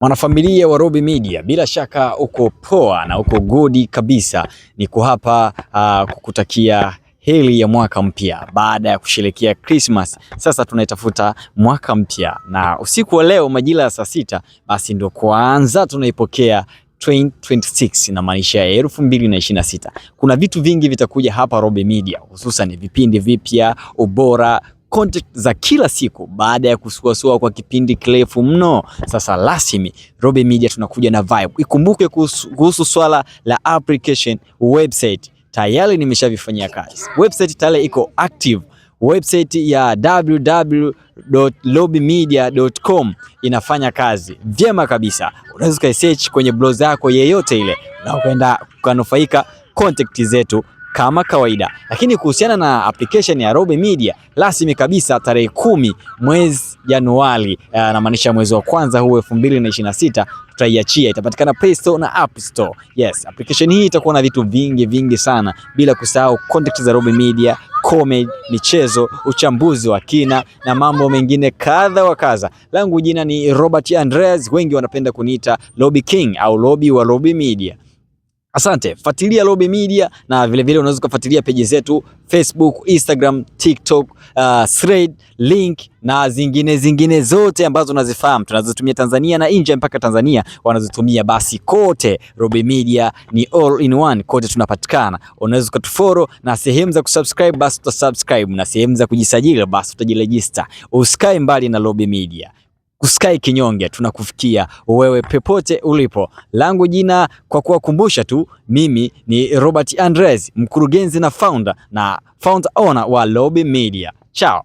Mwanafamilia wa Robi Media, bila shaka uko poa na uko godi kabisa. Niko hapa uh, kukutakia heri ya mwaka mpya baada ya kusherekea Christmas. Sasa tunaitafuta mwaka mpya, na usiku wa leo majira ya saa sita basi ndo kwanza tunaipokea 2026 na maanisha ya 2026. Kuna vitu vingi vitakuja hapa Roby Media, hususan vipindi vipya, ubora content za kila siku baada ya kusuasua kwa kipindi kirefu mno. Sasa rasmi Robe Media tunakuja na vibe. Ikumbuke kuhusu swala la application website, tayari nimeshavifanyia kazi. Website tayari iko active. Website ya www.robemedia.com inafanya kazi vyema kabisa. Unaweza ukasearch kwenye browser yako yeyote ile na ukaenda kanufaika contact zetu kama kawaida. Lakini kuhusiana na application ya Robe Media rasmi kabisa tarehe kumi mwezi Januari, anamaanisha eh, mwezi wa kwanza huu 2026 tutaiachia, itapatikana Play Store na App Store. Yes, application hii itakuwa na vitu vingi vingi sana, bila kusahau content za Robe Media comedy, michezo, uchambuzi wa kina na mambo mengine kadha wa kadha. Langu jina ni Robert Andreas, wengi wanapenda kuniita Lobby King au Lobby wa Robe Media. Asante, fuatilia Roby Media na vilevile unaweza ukafuatilia peji zetu Facebook, Instagram, TikTok, uh, Thread, Link na zingine zingine zote ambazo unazifahamu tunazitumia Tanzania na nje mpaka Tanzania wanazitumia, basi kote Roby Media ni all in one, kote tunapatikana. Unaweza ukatufollow na sehemu za kusubscribe, basi utasubscribe na sehemu za kujisajili, basi utajirejista. Usikae mbali na Roby Media. Sky Kinyonge, tunakufikia wewe popote ulipo. Langu jina kwa kuwakumbusha tu, mimi ni Robert Andres, mkurugenzi na founder na founder owner wa Lobby Media. Chao.